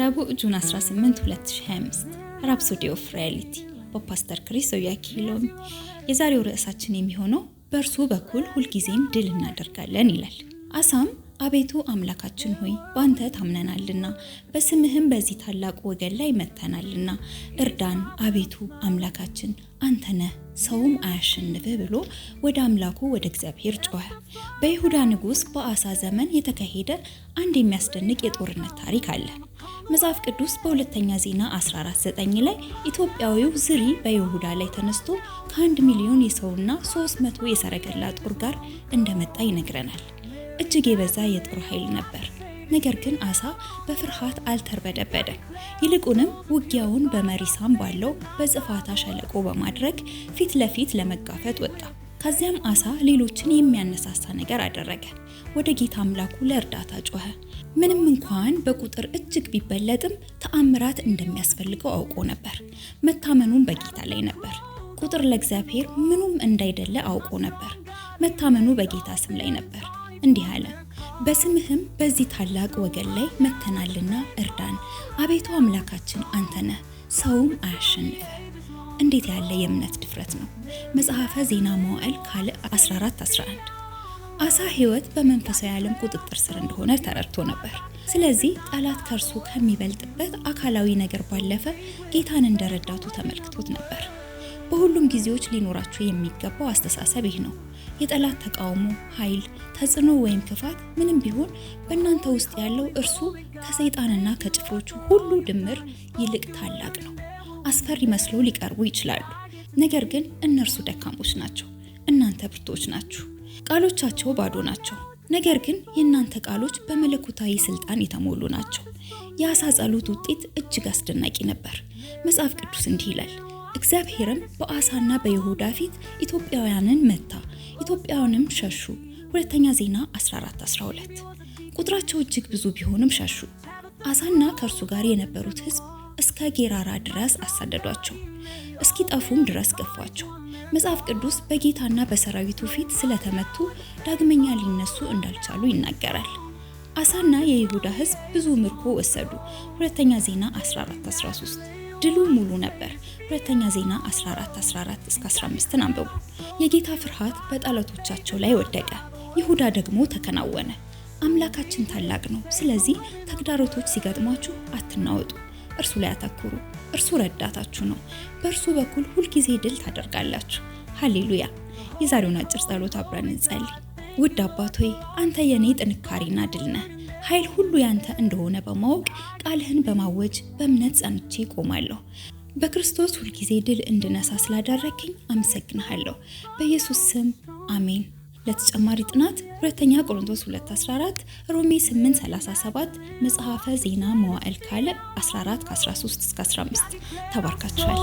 ረቡዕ ጁን 18 2025 ራፕሶዲ ኦፍ ሪያሊቲ በፓስተር ክሪስ ኦያኪሎሚ። የዛሬው ርዕሳችን የሚሆነው በእርሱ በኩል ሁልጊዜም ድል እናደርጋለን ይላል። አሳም አቤቱ አምላካችን ሆይ በአንተ ታምነናልና በስምህም በዚህ ታላቅ ወገን ላይ መጥተናልና እርዳን። አቤቱ አምላካችን አንተ ነህ፣ ሰውም አያሸንፍህ ብሎ ወደ አምላኩ ወደ እግዚአብሔር ጮኸ። በይሁዳ ንጉሥ በአሳ ዘመን የተካሄደ አንድ የሚያስደንቅ የጦርነት ታሪክ አለ። መጽሐፍ ቅዱስ በሁለተኛ ዜና 14፡9 ላይ ኢትዮጵያዊው ዝሪ በይሁዳ ላይ ተነስቶ ከአንድ ሚሊዮን የሰውና 300 የሰረገላ ጦር ጋር እንደመጣ ይነግረናል። እጅግ የበዛ የጦር ኃይል ነበር። ነገር ግን አሳ በፍርሃት አልተርበደበደም። ይልቁንም ውጊያውን በመሪሳም ባለው በጽፋታ ሸለቆ በማድረግ ፊት ለፊት ለመጋፈጥ ወጣ። ከዚያም አሳ ሌሎችን የሚያነሳሳ ነገር አደረገ። ወደ ጌታ አምላኩ ለእርዳታ ጮኸ። ምንም እንኳን በቁጥር እጅግ ቢበለጥም ተአምራት እንደሚያስፈልገው አውቆ ነበር። መታመኑም በጌታ ላይ ነበር። ቁጥር ለእግዚአብሔር ምኑም እንዳይደለ አውቆ ነበር። መታመኑ በጌታ ስም ላይ ነበር። እንዲህ አለ፣ በስምህም በዚህ ታላቅ ወገን ላይ መተናልና እርዳን። አቤቱ አምላካችን አንተ ነህ፣ ሰውም አያሸንፈ። እንዴት ያለ የእምነት ድፍረት ነው! መጽሐፈ ዜና መዋዕል ካልዕ 14፥11 አሳ ህይወት በመንፈሳዊ ዓለም ቁጥጥር ስር እንደሆነ ተረድቶ ነበር። ስለዚህ ጠላት ከእርሱ ከሚበልጥበት አካላዊ ነገር ባለፈ ጌታን እንደረዳቱ ተመልክቶት ነበር። በሁሉም ጊዜዎች ሊኖራቸው የሚገባው አስተሳሰብ ይህ ነው። የጠላት ተቃውሞ፣ ኃይል፣ ተጽዕኖ ወይም ክፋት ምንም ቢሆን በእናንተ ውስጥ ያለው እርሱ ከሰይጣንና ከጭፍሮቹ ሁሉ ድምር ይልቅ ታላቅ ነው። አስፈሪ መስሎ ሊቀርቡ ይችላሉ፣ ነገር ግን እነርሱ ደካሞች ናቸው፣ እናንተ ብርቶች ናችሁ። ቃሎቻቸው ባዶ ናቸው፣ ነገር ግን የእናንተ ቃሎች በመለኮታዊ ስልጣን የተሞሉ ናቸው። የአሳ ጸሎት ውጤት እጅግ አስደናቂ ነበር። መጽሐፍ ቅዱስ እንዲህ ይላል እግዚአብሔርም በአሳና በይሁዳ ፊት ኢትዮጵያውያንን መታ፣ ኢትዮጵያውያንም ሸሹ። ሁለተኛ ዜና 1412 ቁጥራቸው እጅግ ብዙ ቢሆንም ሸሹ። አሳና ከእርሱ ጋር የነበሩት ሕዝብ እስከ ጌራራ ድረስ አሳደዷቸው፣ እስኪጠፉም ድረስ ገፏቸው። መጽሐፍ ቅዱስ በጌታና በሰራዊቱ ፊት ስለተመቱ ዳግመኛ ሊነሱ እንዳልቻሉ ይናገራል። አሳና የይሁዳ ሕዝብ ብዙ ምርኮ ወሰዱ። ሁለተኛ ዜና 1413 ድሉ ሙሉ ነበር። ሁለተኛ ዜና 14 14 እስከ 15ን አንብቡ። የጌታ ፍርሃት በጠላቶቻቸው ላይ ወደቀ፣ ይሁዳ ደግሞ ተከናወነ። አምላካችን ታላቅ ነው። ስለዚህ ተግዳሮቶች ሲገጥሟችሁ አትናወጡ። እርሱ ላይ አተኩሩ። እርሱ ረዳታችሁ ነው። በእርሱ በኩል ሁልጊዜ ድል ታደርጋላችሁ። ሃሌሉያ! የዛሬውን አጭር ጸሎት አብረን እንጸልይ። ውድ አባት ሆይ አንተ የኔ ጥንካሬና ድል ነህ። ኃይል ሁሉ ያንተ እንደሆነ በማወቅ ቃልህን በማወጅ በእምነት ጸንቼ ቆማለሁ። በክርስቶስ ሁልጊዜ ድል እንድነሳ ስላዳረግኝ አመሰግንሃለሁ። በኢየሱስ ስም አሜን። ለተጨማሪ ጥናት ሁለተኛ ቆሮንቶስ 2:14፣ ሮሜ 8:37፣ መጽሐፈ ዜና መዋዕል ካልዕ 14:13-15 ተባርካችኋል።